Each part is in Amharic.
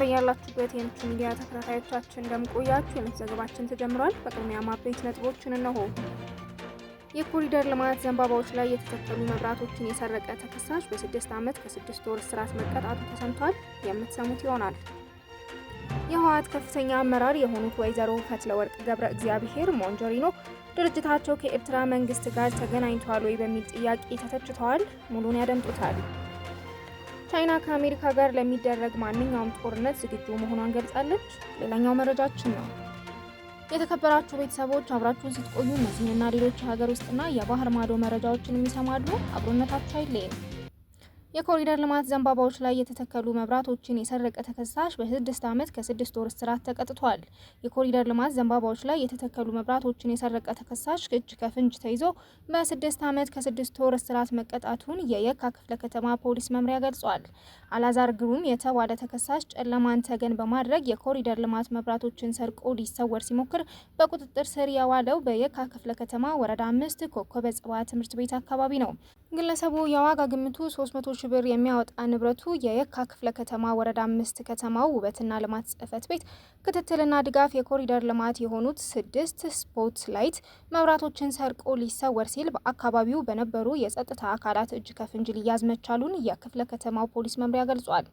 ሰላም በያላችሁበት የንቱ ሚዲያ ተከታታዮቻችን እንደምቆያችሁ፣ የዕለት ዘገባችን ተጀምሯል። በቅድሚያ ማብሬት ነጥቦችን እነሆ። የኮሪደር ልማት ዘንባባዎች ላይ የተተከሉ መብራቶችን የሰረቀ ተከሳሽ በስድስት ዓመት ከስድስት ወር እስራት መቀጣቱ ተሰምቷል። የምትሰሙት ይሆናል። የህወሓት ከፍተኛ አመራር የሆኑት ወይዘሮ ፈትለወርቅ ገብረ እግዚአብሔር ሞንጆሪኖ ድርጅታቸው ከኤርትራ መንግስት ጋር ተገናኝቷል ወይ በሚል ጥያቄ ተተችተዋል። ሙሉን ያደምጡታል። ቻይና ከአሜሪካ ጋር ለሚደረግ ማንኛውም ጦርነት ዝግጁ መሆኗን ገልጻለች። ሌላኛው መረጃችን ነው። የተከበራችሁ ቤተሰቦች አብራችሁን ስትቆዩ እነዚህንና ሌሎች የሀገር ውስጥና የባህር ማዶ መረጃዎችን የሚሰማሉ። አብሮነታችሁ አይለየን። የኮሪደር ልማት ዘንባባዎች ላይ የተተከሉ መብራቶችን የሰረቀ ተከሳሽ በስድስት ዓመት ከስድስት ወር እስራት ተቀጥቷል። የኮሪደር ልማት ዘንባባዎች ላይ የተተከሉ መብራቶችን የሰረቀ ተከሳሽ እጅ ከፍንጅ ተይዞ በስድስት ዓመት ከስድስት ወር እስራት መቀጣቱን የየካ ክፍለ ከተማ ፖሊስ መምሪያ ገልጿል። አላዛር ግሩም የተባለ ተከሳሽ ጨለማን ተገን በማድረግ የኮሪደር ልማት መብራቶችን ሰርቆ ሊሰወር ሲሞክር በቁጥጥር ስር የዋለው በየካ ክፍለ ከተማ ወረዳ አምስት ኮከበ ጽባ ትምህርት ቤት አካባቢ ነው። ግለሰቡ የዋጋ ግምቱ 300 ሺ ብር የሚያወጣ ንብረቱ የየካ ክፍለ ከተማ ወረዳ አምስት ከተማው ውበትና ልማት ጽህፈት ቤት ክትትልና ድጋፍ የኮሪደር ልማት የሆኑት ስድስት ስፖት ላይት መብራቶችን ሰርቆ ሊሰወር ሲል በአካባቢው በነበሩ የጸጥታ አካላት እጅ ከፍንጅ ሊያዝ መቻሉን የክፍለ ከተማው ፖሊስ መምሪያ ገልጿል።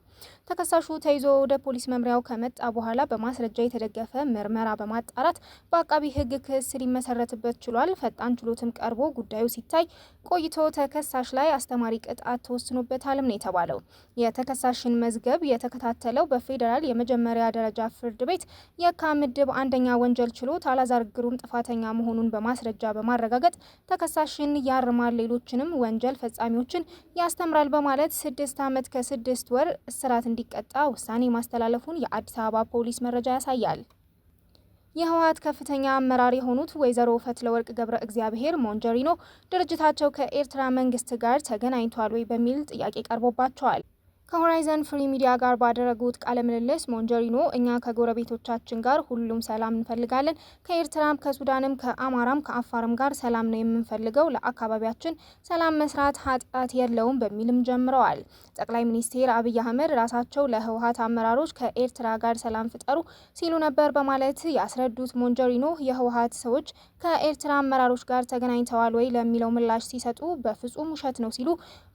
ተከሳሹ ተይዞ ወደ ፖሊስ መምሪያው ከመጣ በኋላ በማስረጃ የተደገፈ ምርመራ በማጣራት በአቃቢ ሕግ ክስ ሊመሰረትበት ችሏል። ፈጣን ችሎትም ቀርቦ ጉዳዩ ሲታይ ቆይቶ ተከሳሽ ላይ አስተማሪ ቅጣት ተወስኖበታልም ነው የተባለው። የተከሳሽን መዝገብ የተከታተለው በፌዴራል የመጀመሪያ ደረጃ ፍርድ ቤት የካ ምድብ አንደኛ ወንጀል ችሎት አላዛር ግሩም ጥፋተኛ መሆኑን በማስረጃ በማረጋገጥ ተከሳሽን ያርማል፣ ሌሎችንም ወንጀል ፈጻሚዎችን ያስተምራል በማለት ስድስት ዓመት ከስድስት ወር እስራት እንዲቀጣ ውሳኔ ማስተላለፉን የአዲስ አበባ ፖሊስ መረጃ ያሳያል። የህወሀት ከፍተኛ አመራር የሆኑት ወይዘሮ ፈትለወርቅ ገብረ እግዚአብሔር ሞንጀሪኖ ድርጅታቸው ከኤርትራ መንግስት ጋር ተገናኝቷል ወይ በሚል ጥያቄ ቀርቦባቸዋል። ከሆራይዘን ፍሪ ሚዲያ ጋር ባደረጉት ቃለ ምልልስ ሞንጀሪኖ እኛ ከጎረቤቶቻችን ጋር ሁሉም ሰላም እንፈልጋለን። ከኤርትራም፣ ከሱዳንም፣ ከአማራም፣ ከአፋርም ጋር ሰላም ነው የምንፈልገው። ለአካባቢያችን ሰላም መስራት ኃጢአት የለውም በሚልም ጀምረዋል። ጠቅላይ ሚኒስትር አብይ አህመድ ራሳቸው ለህወሀት አመራሮች ከኤርትራ ጋር ሰላም ፍጠሩ ሲሉ ነበር በማለት ያስረዱት ሞንጀሪኖ የህወሀት ሰዎች ከኤርትራ አመራሮች ጋር ተገናኝተዋል ወይ ለሚለው ምላሽ ሲሰጡ በፍጹም ውሸት ነው ሲሉ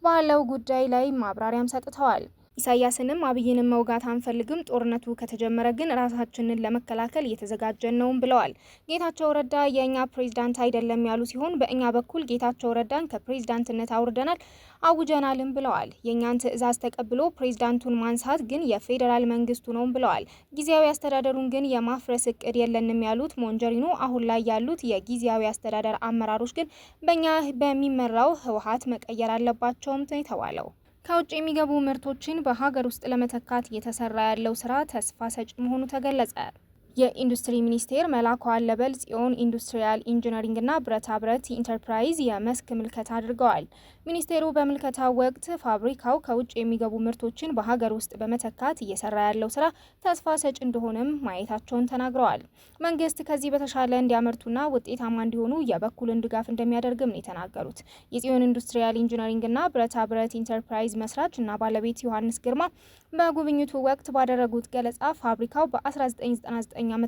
ባለው ጉዳይ ላይ ማብራሪያም ሰጥተዋል። ኢሳያስንም አብይንም መውጋት አንፈልግም፣ ጦርነቱ ከተጀመረ ግን ራሳችንን ለመከላከል እየተዘጋጀን ነውም ብለዋል። ጌታቸው ረዳ የእኛ ፕሬዝዳንት አይደለም ያሉ ሲሆን በእኛ በኩል ጌታቸው ረዳን ከፕሬዝዳንትነት አውርደናል አውጀናልም ብለዋል። የእኛን ትዕዛዝ ተቀብሎ ፕሬዝዳንቱን ማንሳት ግን የፌዴራል መንግስቱ ነውም ብለዋል። ጊዜያዊ አስተዳደሩን ግን የማፍረስ እቅድ የለንም ያሉት ሞንጀሪኖ አሁን ላይ ያሉት የጊዜያዊ አስተዳደር አመራሮች ግን በእኛ በሚመራው ህወሀት መቀየር አለባቸውም ነው የተባለው። ከውጭ የሚገቡ ምርቶችን በሀገር ውስጥ ለመተካት እየተሰራ ያለው ስራ ተስፋ ሰጪ መሆኑ ተገለጸ። የኢንዱስትሪ ሚኒስቴር መላኩ አለበል ጽዮን ኢንዱስትሪያል ኢንጂነሪንግና ብረታ ብረት ኢንተርፕራይዝ የመስክ ምልከታ አድርገዋል። ሚኒስቴሩ በምልከታ ወቅት ፋብሪካው ከውጭ የሚገቡ ምርቶችን በሀገር ውስጥ በመተካት እየሰራ ያለው ስራ ተስፋ ሰጭ እንደሆነም ማየታቸውን ተናግረዋል። መንግስት ከዚህ በተሻለ እንዲያመርቱና ውጤታማ እንዲሆኑ የበኩልን ድጋፍ እንደሚያደርግም ነው የተናገሩት። የጽዮን ኢንዱስትሪያል ኢንጂነሪንግና ብረታ ብረት ኢንተርፕራይዝ መስራች እና ባለቤት ዮሐንስ ግርማ በጉብኝቱ ወቅት ባደረጉት ገለጻ ፋብሪካው በ1999 ዓ.ም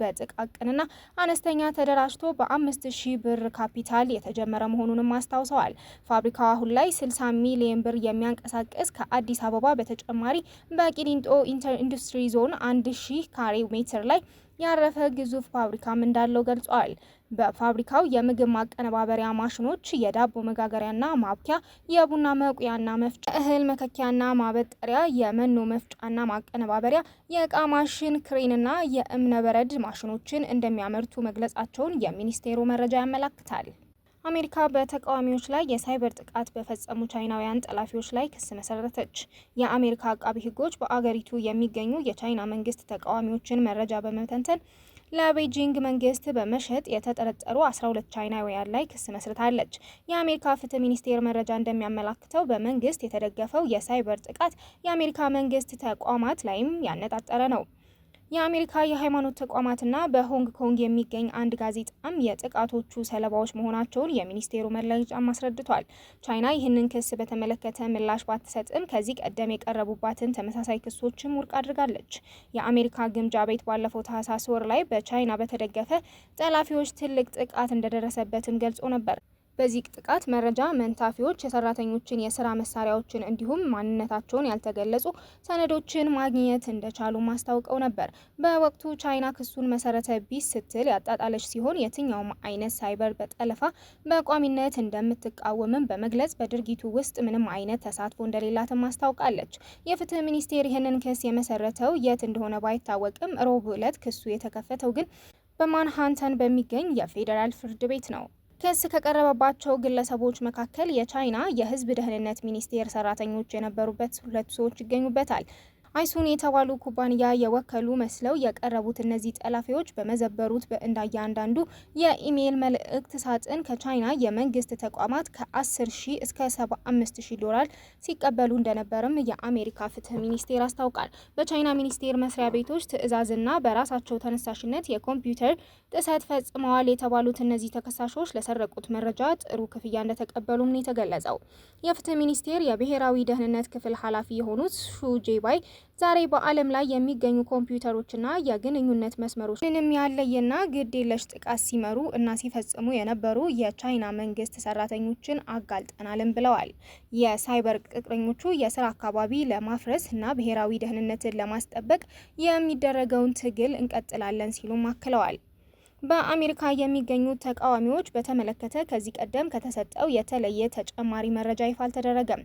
በጥቃቅንና አነስተኛ ተደራጅቶ በ5000 ብር ካፒታል የተጀመረ መሆኑንም አስታውሰዋል። ፋብሪካው አሁን ላይ 60 ሚሊዮን ብር የሚያንቀሳቅስ ከአዲስ አበባ በተጨማሪ በቂሊንጦ ኢንዱስትሪ ዞን 1000 ካሬ ሜትር ላይ ያረፈ ግዙፍ ፋብሪካም እንዳለው ገልጿል። በፋብሪካው የምግብ ማቀነባበሪያ ማሽኖች የዳቦ መጋገሪያና ማብኪያ፣ የቡና መቁያና መፍጫ፣ እህል መከኪያና ማበጠሪያ፣ የመኖ መፍጫና ማቀነባበሪያ፣ የእቃ ማሽን ክሬንና የእብነበረድ ማሽኖችን እንደሚያመርቱ መግለጻቸውን የሚኒስቴሩ መረጃ ያመላክታል። አሜሪካ በተቃዋሚዎች ላይ የሳይበር ጥቃት በፈጸሙ ቻይናውያን ጠላፊዎች ላይ ክስ መሰረተች። የአሜሪካ አቃቢ ሕጎች በአገሪቱ የሚገኙ የቻይና መንግስት ተቃዋሚዎችን መረጃ በመተንተን ለቤጂንግ መንግስት በመሸጥ የተጠረጠሩ 12 ቻይናውያን ላይ ክስ መስርታለች። የአሜሪካ ፍትህ ሚኒስቴር መረጃ እንደሚያመላክተው በመንግስት የተደገፈው የሳይበር ጥቃት የአሜሪካ መንግስት ተቋማት ላይም ያነጣጠረ ነው። የአሜሪካ የሃይማኖት ተቋማትና በሆንግ ኮንግ የሚገኝ አንድ ጋዜጣም የጥቃቶቹ ሰለባዎች መሆናቸውን የሚኒስቴሩ መግለጫም አስረድቷል። ቻይና ይህንን ክስ በተመለከተ ምላሽ ባትሰጥም ከዚህ ቀደም የቀረቡባትን ተመሳሳይ ክሶችም ውድቅ አድርጋለች። የአሜሪካ ግምጃ ቤት ባለፈው ታህሳስ ወር ላይ በቻይና በተደገፈ ጠላፊዎች ትልቅ ጥቃት እንደደረሰበትም ገልጾ ነበር። በዚህ ጥቃት መረጃ መንታፊዎች የሰራተኞችን የስራ መሳሪያዎችን እንዲሁም ማንነታቸውን ያልተገለጹ ሰነዶችን ማግኘት እንደቻሉ ማስታውቀው ነበር። በወቅቱ ቻይና ክሱን መሰረተ ቢስ ስትል ያጣጣለች ሲሆን የትኛውም አይነት ሳይበር በጠለፋ በቋሚነት እንደምትቃወምም በመግለጽ በድርጊቱ ውስጥ ምንም አይነት ተሳትፎ እንደሌላትም ማስታውቃለች። የፍትህ ሚኒስቴር ይህንን ክስ የመሰረተው የት እንደሆነ ባይታወቅም ሮብ ዕለት ክሱ የተከፈተው ግን በማንሃንተን በሚገኝ የፌዴራል ፍርድ ቤት ነው። ክስ ከቀረበባቸው ግለሰቦች መካከል የቻይና የህዝብ ደህንነት ሚኒስቴር ሰራተኞች የነበሩበት ሁለቱ ሰዎች ይገኙበታል። አይሱን የተባሉ ኩባንያ የወከሉ መስለው የቀረቡት እነዚህ ጠላፊዎች በመዘበሩት በእንዳያንዳንዱ የኢሜይል መልእክት ሳጥን ከቻይና የመንግስት ተቋማት ከ10 ሺ እስከ 75 ሺ ዶላር ሲቀበሉ እንደነበርም የአሜሪካ ፍትህ ሚኒስቴር አስታውቃል። በቻይና ሚኒስቴር መስሪያ ቤቶች ትዕዛዝና በራሳቸው ተነሳሽነት የኮምፒውተር ጥሰት ፈጽመዋል የተባሉት እነዚህ ተከሳሾች ለሰረቁት መረጃ ጥሩ ክፍያ እንደተቀበሉም ነው የተገለጸው። የፍትህ ሚኒስቴር የብሔራዊ ደህንነት ክፍል ኃላፊ የሆኑት ሹጄባይ ዛሬ በዓለም ላይ የሚገኙ ኮምፒውተሮችና የግንኙነት መስመሮች ምንም ያለየና ግድ የለሽ ጥቃት ሲመሩ እና ሲፈጽሙ የነበሩ የቻይና መንግስት ሰራተኞችን አጋልጠናልም ብለዋል። የሳይበር ቅጥረኞቹ የስራ አካባቢ ለማፍረስ እና ብሔራዊ ደህንነትን ለማስጠበቅ የሚደረገውን ትግል እንቀጥላለን ሲሉም አክለዋል። በአሜሪካ የሚገኙ ተቃዋሚዎች በተመለከተ ከዚህ ቀደም ከተሰጠው የተለየ ተጨማሪ መረጃ ይፋ አልተደረገም።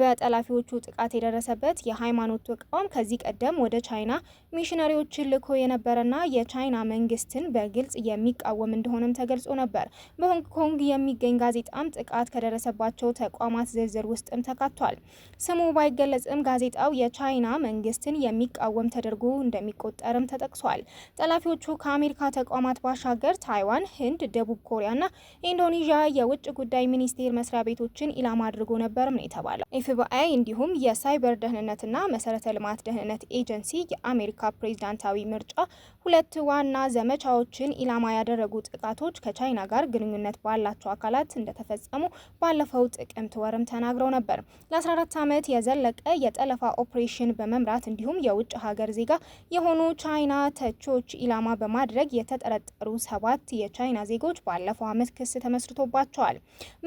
በጠላፊዎቹ ጥቃት የደረሰበት የሃይማኖት ተቋም ከዚህ ቀደም ወደ ቻይና ሚሽነሪዎችን ልኮ የነበረና የቻይና መንግስትን በግልጽ የሚቃወም እንደሆነም ተገልጾ ነበር። በሆንግ ኮንግ የሚገኝ ጋዜጣም ጥቃት ከደረሰባቸው ተቋማት ዝርዝር ውስጥም ተካቷል። ስሙ ባይገለጽም ጋዜጣው የቻይና መንግስትን የሚቃወም ተደርጎ እንደሚቆጠርም ተጠቅሷል። ጠላፊዎቹ ከአሜሪካ ተቋማት ባሻገር ታይዋን፣ ህንድ፣ ደቡብ ኮሪያና ኢንዶኔዥያ የውጭ ጉዳይ ሚኒስቴር መስሪያ ቤቶችን ኢላማ አድርጎ ነበርም ነው የተባለው። ኢፍብአይ እንዲሁም የሳይበር ደህንነትና መሰረተ ልማት ደህንነት ኤጀንሲ የአሜሪካ ፕሬዚዳንታዊ ምርጫ ሁለት ዋና ዘመቻዎችን ኢላማ ያደረጉ ጥቃቶች ከቻይና ጋር ግንኙነት ባላቸው አካላት እንደተፈጸሙ ባለፈው ጥቅምት ወርም ተናግረው ነበር። ለ14 ዓመት የዘለቀ የጠለፋ ኦፕሬሽን በመምራት እንዲሁም የውጭ ሀገር ዜጋ የሆኑ ቻይና ተቾች ኢላማ በማድረግ የተጠረጠሩ ሰባት የቻይና ዜጎች ባለፈው ዓመት ክስ ተመስርቶባቸዋል።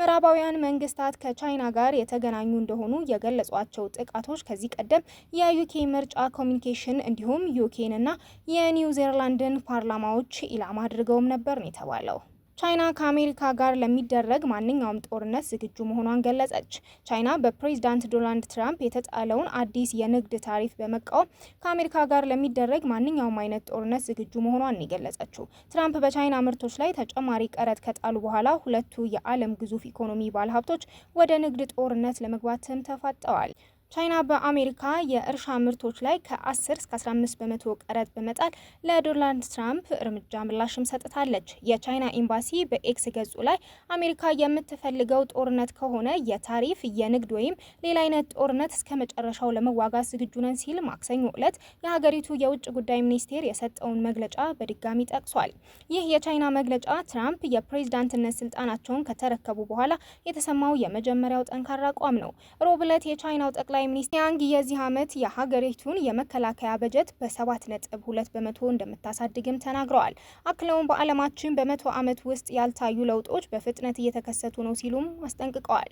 ምዕራባውያን መንግስታት ከቻይና ጋር የተገናኙ እንደሆኑ እንደሆኑ የገለጿቸው ጥቃቶች ከዚህ ቀደም የዩኬ ምርጫ ኮሚኒኬሽን እንዲሁም ዩኬንና የኒውዚርላንድን ፓርላማዎች ኢላማ አድርገውም ነበር ነው የተባለው። ቻይና ከአሜሪካ ጋር ለሚደረግ ማንኛውም ጦርነት ዝግጁ መሆኗን ገለጸች። ቻይና በፕሬዚዳንት ዶናልድ ትራምፕ የተጣለውን አዲስ የንግድ ታሪፍ በመቃወም ከአሜሪካ ጋር ለሚደረግ ማንኛውም አይነት ጦርነት ዝግጁ መሆኗን የገለጸችው ትራምፕ በቻይና ምርቶች ላይ ተጨማሪ ቀረጥ ከጣሉ በኋላ ሁለቱ የዓለም ግዙፍ ኢኮኖሚ ባለሀብቶች ወደ ንግድ ጦርነት ለመግባትም ተፋጠዋል። ቻይና በአሜሪካ የእርሻ ምርቶች ላይ ከ10 እስከ 15 በመቶ ቀረጥ በመጣል ለዶናልድ ትራምፕ እርምጃ ምላሽም ሰጥታለች። የቻይና ኤምባሲ በኤክስ ገጹ ላይ አሜሪካ የምትፈልገው ጦርነት ከሆነ የታሪፍ፣ የንግድ ወይም ሌላ አይነት ጦርነት እስከ መጨረሻው ለመዋጋት ዝግጁ ነን ሲል ማክሰኞ ዕለት የሀገሪቱ የውጭ ጉዳይ ሚኒስቴር የሰጠውን መግለጫ በድጋሚ ጠቅሷል። ይህ የቻይና መግለጫ ትራምፕ የፕሬዝዳንትነት ስልጣናቸውን ከተረከቡ በኋላ የተሰማው የመጀመሪያው ጠንካራ አቋም ነው። ሮብ ዕለት የቻይናው ጠቅላይ ጠቅላይ ሚኒስትር ያንግ የዚህ ዓመት የሀገሪቱን የመከላከያ በጀት በሰባት ነጥብ ሁለት በመቶ እንደምታሳድግም ተናግረዋል። አክለውም በዓለማችን በመቶ ዓመት ውስጥ ያልታዩ ለውጦች በፍጥነት እየተከሰቱ ነው ሲሉም አስጠንቅቀዋል።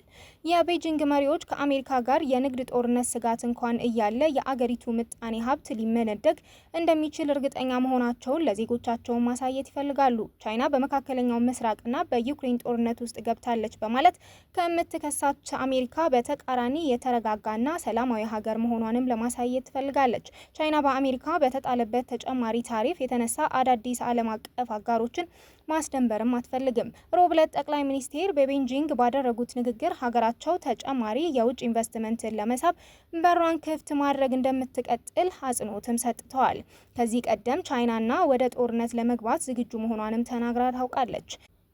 የቤጂንግ መሪዎች ከአሜሪካ ጋር የንግድ ጦርነት ስጋት እንኳን እያለ የአገሪቱ ምጣኔ ሀብት ሊመነደግ እንደሚችል እርግጠኛ መሆናቸውን ለዜጎቻቸውን ማሳየት ይፈልጋሉ። ቻይና በመካከለኛው ምስራቅና በዩክሬን ጦርነት ውስጥ ገብታለች በማለት ከምትከሳች አሜሪካ በተቃራኒ የተረጋጋና ሰላማዊ ሀገር መሆኗንም ለማሳየት ትፈልጋለች። ቻይና በአሜሪካ በተጣለበት ተጨማሪ ታሪፍ የተነሳ አዳዲስ ዓለም አቀፍ አጋሮችን ማስደንበርም አትፈልግም። ሮብለት ጠቅላይ ሚኒስቴር በቤጂንግ ባደረጉት ንግግር ሀገራቸው ተጨማሪ የውጭ ኢንቨስትመንትን ለመሳብ በሯን ክፍት ማድረግ እንደምትቀጥል አጽንኦትም ሰጥተዋል። ከዚህ ቀደም ቻይናና ወደ ጦርነት ለመግባት ዝግጁ መሆኗንም ተናግራ ታውቃለች።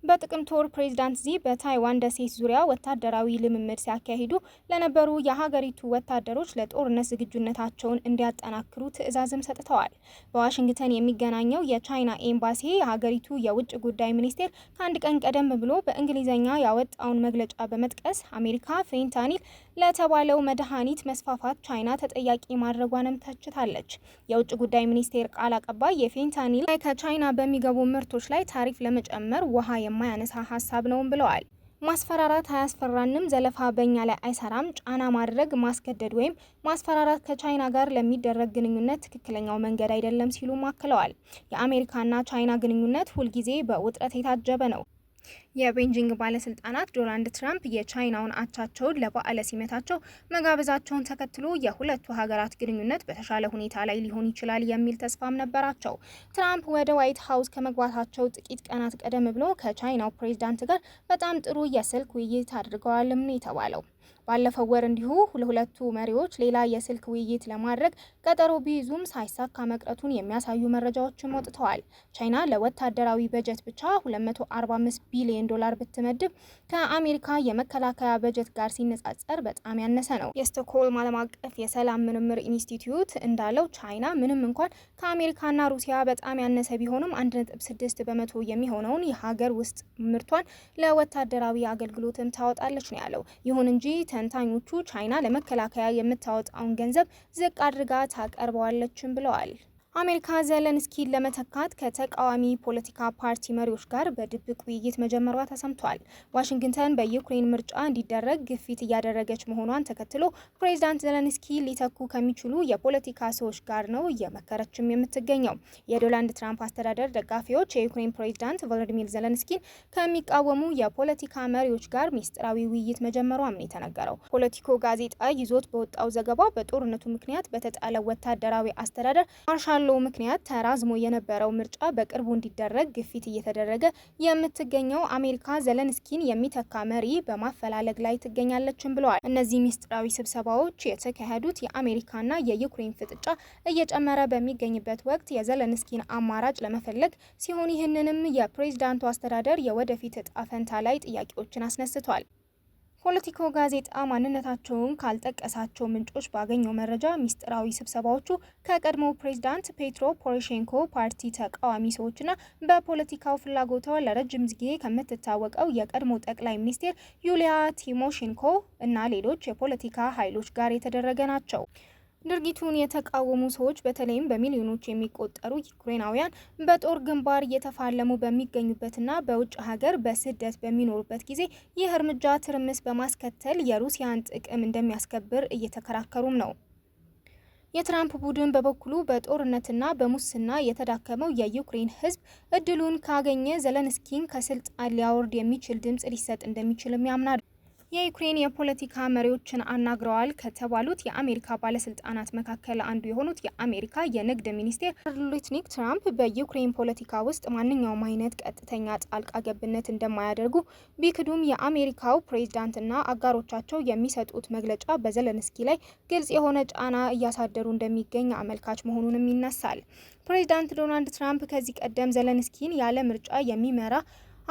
በጥቅምት ወር ፕሬዚዳንት ዚ በታይዋን ደሴት ዙሪያ ወታደራዊ ልምምድ ሲያካሂዱ ለነበሩ የሀገሪቱ ወታደሮች ለጦርነት ዝግጁነታቸውን እንዲያጠናክሩ ትዕዛዝም ሰጥተዋል። በዋሽንግተን የሚገናኘው የቻይና ኤምባሲ የሀገሪቱ የውጭ ጉዳይ ሚኒስቴር ከአንድ ቀን ቀደም ብሎ በእንግሊዝኛ ያወጣውን መግለጫ በመጥቀስ አሜሪካ ፌንታኒል ለተባለው መድኃኒት መስፋፋት ቻይና ተጠያቂ ማድረጓንም ተችታለች። የውጭ ጉዳይ ሚኒስቴር ቃል አቀባይ የፌንታኒል ላይ ከቻይና በሚገቡ ምርቶች ላይ ታሪፍ ለመጨመር ውሃ የማያነሳ ሀሳብ ነውም ብለዋል። ማስፈራራት አያስፈራንም፣ ዘለፋ በእኛ ላይ አይሰራም። ጫና ማድረግ፣ ማስገደድ ወይም ማስፈራራት ከቻይና ጋር ለሚደረግ ግንኙነት ትክክለኛው መንገድ አይደለም ሲሉ አክለዋል። የአሜሪካና ቻይና ግንኙነት ሁልጊዜ በውጥረት የታጀበ ነው። የቤጂንግ ባለስልጣናት ዶናልድ ትራምፕ የቻይናውን አቻቸውን ለበዓለ ሲመታቸው መጋበዛቸውን ተከትሎ የሁለቱ ሀገራት ግንኙነት በተሻለ ሁኔታ ላይ ሊሆን ይችላል የሚል ተስፋም ነበራቸው። ትራምፕ ወደ ዋይት ሀውስ ከመግባታቸው ጥቂት ቀናት ቀደም ብሎ ከቻይናው ፕሬዚዳንት ጋር በጣም ጥሩ የስልክ ውይይት አድርገዋልም ነው የተባለው። ባለፈው ወር እንዲሁ ለሁለቱ መሪዎች ሌላ የስልክ ውይይት ለማድረግ ቀጠሮ ቢይዙም ሳይሳካ መቅረቱን የሚያሳዩ መረጃዎችም ወጥተዋል። ቻይና ለወታደራዊ በጀት ብቻ 245 ቢሊዮን ዶላር ብትመድብ ከአሜሪካ የመከላከያ በጀት ጋር ሲነጻጸር በጣም ያነሰ ነው። የስቶክሆልም ዓለም አቀፍ የሰላም ምርምር ኢንስቲትዩት እንዳለው ቻይና ምንም እንኳን ከአሜሪካና ሩሲያ በጣም ያነሰ ቢሆንም 1.6 በመቶ የሚሆነውን የሀገር ውስጥ ምርቷን ለወታደራዊ አገልግሎትም ታወጣለች ነው ያለው። ይሁን እንጂ ተንታኞቹ ቻይና ለመከላከያ የምታወጣውን ገንዘብ ዝቅ አድርጋ ታቀርበዋለችም ብለዋል። አሜሪካ ዘለንስኪን ለመተካት ከተቃዋሚ ፖለቲካ ፓርቲ መሪዎች ጋር በድብቅ ውይይት መጀመሯ ተሰምቷል። ዋሽንግተን በዩክሬን ምርጫ እንዲደረግ ግፊት እያደረገች መሆኗን ተከትሎ ፕሬዚዳንት ዘለንስኪ ሊተኩ ከሚችሉ የፖለቲካ ሰዎች ጋር ነው እየመከረችም የምትገኘው። የዶናልድ ትራምፕ አስተዳደር ደጋፊዎች የዩክሬን ፕሬዚዳንት ቮሎዲሚር ዘለንስኪን ከሚቃወሙ የፖለቲካ መሪዎች ጋር ሚስጥራዊ ውይይት መጀመሯም ነው የተነገረው። ፖለቲኮ ጋዜጣ ይዞት በወጣው ዘገባ በጦርነቱ ምክንያት በተጣለ ወታደራዊ አስተዳደር ማርሻል ባለው ምክንያት ተራዝሞ የነበረው ምርጫ በቅርቡ እንዲደረግ ግፊት እየተደረገ የምትገኘው አሜሪካ ዘለንስኪን የሚተካ መሪ በማፈላለግ ላይ ትገኛለችም ብለዋል። እነዚህ ምስጢራዊ ስብሰባዎች የተካሄዱት የአሜሪካና የዩክሬን ፍጥጫ እየጨመረ በሚገኝበት ወቅት የዘለንስኪን አማራጭ ለመፈለግ ሲሆን ይህንንም የፕሬዝዳንቱ አስተዳደር የወደፊት እጣ ፈንታ ላይ ጥያቄዎችን አስነስቷል። ፖለቲኮ ጋዜጣ ማንነታቸውን ካልጠቀሳቸው ምንጮች ባገኘው መረጃ ሚስጥራዊ ስብሰባዎቹ ከቀድሞ ፕሬዚዳንት ፔትሮ ፖሮሼንኮ ፓርቲ ተቃዋሚ ሰዎችና በፖለቲካው ፍላጎቷ ለረጅም ጊዜ ከምትታወቀው የቀድሞ ጠቅላይ ሚኒስቴር ዩሊያ ቲሞሼንኮ እና ሌሎች የፖለቲካ ኃይሎች ጋር የተደረገ ናቸው። ድርጊቱን የተቃወሙ ሰዎች በተለይም በሚሊዮኖች የሚቆጠሩ ዩክሬናውያን በጦር ግንባር እየተፋለሙ በሚገኙበትና በውጭ ሀገር በስደት በሚኖሩበት ጊዜ ይህ እርምጃ ትርምስ በማስከተል የሩሲያን ጥቅም እንደሚያስከብር እየተከራከሩም ነው። የትራምፕ ቡድን በበኩሉ በጦርነትና በሙስና የተዳከመው የዩክሬን ሕዝብ እድሉን ካገኘ ዘለንስኪን ከስልጣን ሊያወርድ የሚችል ድምፅ ሊሰጥ እንደሚችልም ያምናል። የዩክሬን የፖለቲካ መሪዎችን አናግረዋል ከተባሉት የአሜሪካ ባለስልጣናት መካከል አንዱ የሆኑት የአሜሪካ የንግድ ሚኒስቴር ሉትኒክ ትራምፕ በዩክሬን ፖለቲካ ውስጥ ማንኛውም አይነት ቀጥተኛ ጣልቃ ገብነት እንደማያደርጉ ቢክዱም የአሜሪካው ፕሬዚዳንትና አጋሮቻቸው የሚሰጡት መግለጫ በዘለንስኪ ላይ ግልጽ የሆነ ጫና እያሳደሩ እንደሚገኝ አመልካች መሆኑንም ይነሳል። ፕሬዚዳንት ዶናልድ ትራምፕ ከዚህ ቀደም ዘለንስኪን ያለ ምርጫ የሚመራ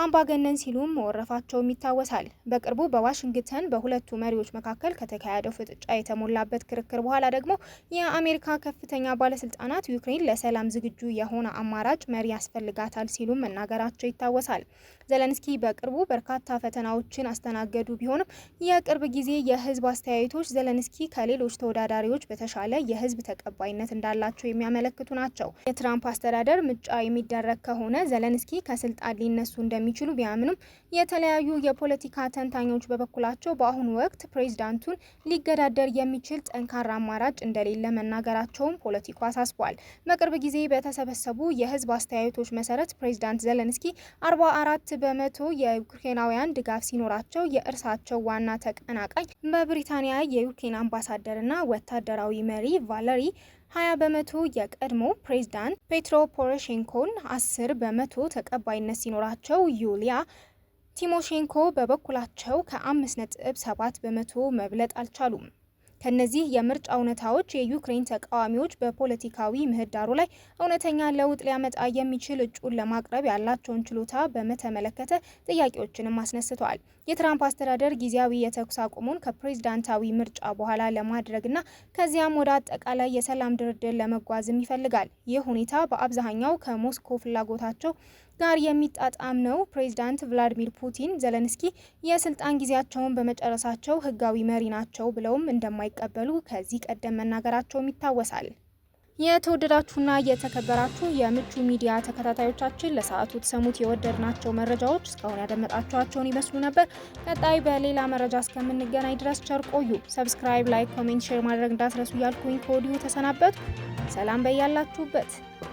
አምባገነን ሲሉም መወረፋቸውም ይታወሳል። በቅርቡ በዋሽንግተን በሁለቱ መሪዎች መካከል ከተካሄደው ፍጥጫ የተሞላበት ክርክር በኋላ ደግሞ የአሜሪካ ከፍተኛ ባለስልጣናት ዩክሬን ለሰላም ዝግጁ የሆነ አማራጭ መሪ ያስፈልጋታል ሲሉም መናገራቸው ይታወሳል። ዘለንስኪ በቅርቡ በርካታ ፈተናዎችን አስተናገዱ ቢሆንም የቅርብ ጊዜ የህዝብ አስተያየቶች ዘለንስኪ ከሌሎች ተወዳዳሪዎች በተሻለ የህዝብ ተቀባይነት እንዳላቸው የሚያመለክቱ ናቸው። የትራምፕ አስተዳደር ምርጫ የሚደረግ ከሆነ ዘለንስኪ ከስልጣን ሊነሱ እንደሚችሉ ቢያምኑም የተለያዩ የፖለቲካ ተንታኞች በበኩላቸው በአሁኑ ወቅት ፕሬዚዳንቱን ሊገዳደር የሚችል ጠንካራ አማራጭ እንደሌለ መናገራቸውን ፖለቲኮ አሳስቧል። በቅርብ ጊዜ በተሰበሰቡ የህዝብ አስተያየቶች መሰረት ፕሬዚዳንት ዘለንስኪ 44 በመቶ የዩክሬናውያን ድጋፍ ሲኖራቸው የእርሳቸው ዋና ተቀናቃኝ በብሪታንያ የዩክሬን አምባሳደርና ወታደራዊ መሪ ቫለሪ ሀያ በመቶ የቀድሞ ፕሬዝዳንት ፔትሮ ፖሮሼንኮን አስር በመቶ ተቀባይነት ሲኖራቸው ዩሊያ ቲሞሼንኮ በበኩላቸው ከአምስት ነጥብ ሰባት በመቶ መብለጥ አልቻሉም። ከነዚህ የምርጫ እውነታዎች የዩክሬን ተቃዋሚዎች በፖለቲካዊ ምህዳሩ ላይ እውነተኛ ለውጥ ሊያመጣ የሚችል እጩን ለማቅረብ ያላቸውን ችሎታ በመተመለከተ ጥያቄዎችንም አስነስተዋል። የትራምፕ አስተዳደር ጊዜያዊ የተኩስ አቁሙን ከፕሬዝዳንታዊ ምርጫ በኋላ ለማድረግና ከዚያም ወደ አጠቃላይ የሰላም ድርድር ለመጓዝም ይፈልጋል። ይህ ሁኔታ በአብዛኛው ከሞስኮ ፍላጎታቸው ጋር የሚጣጣም ነው። ፕሬዚዳንት ቭላዲሚር ፑቲን ዘለንስኪ የስልጣን ጊዜያቸውን በመጨረሳቸው ህጋዊ መሪ ናቸው ብለውም እንደማይቀበሉ ከዚህ ቀደም መናገራቸውም ይታወሳል። የተወደዳችሁና የተከበራችሁ የምቹ ሚዲያ ተከታታዮቻችን ለሰዓቱ ተሰሙት የወደድናቸው መረጃዎች እስካሁን ያደመጣችኋቸውን ይመስሉ ነበር። ቀጣይ በሌላ መረጃ እስከምንገናኝ ድረስ ቸር ቆዩ። ሰብስክራይብ፣ ላይክ፣ ኮሜንት፣ ሼር ማድረግ እንዳትረሱ እያልኩኝ ከወዲሁ ተሰናበቱ። ሰላም በያላችሁበት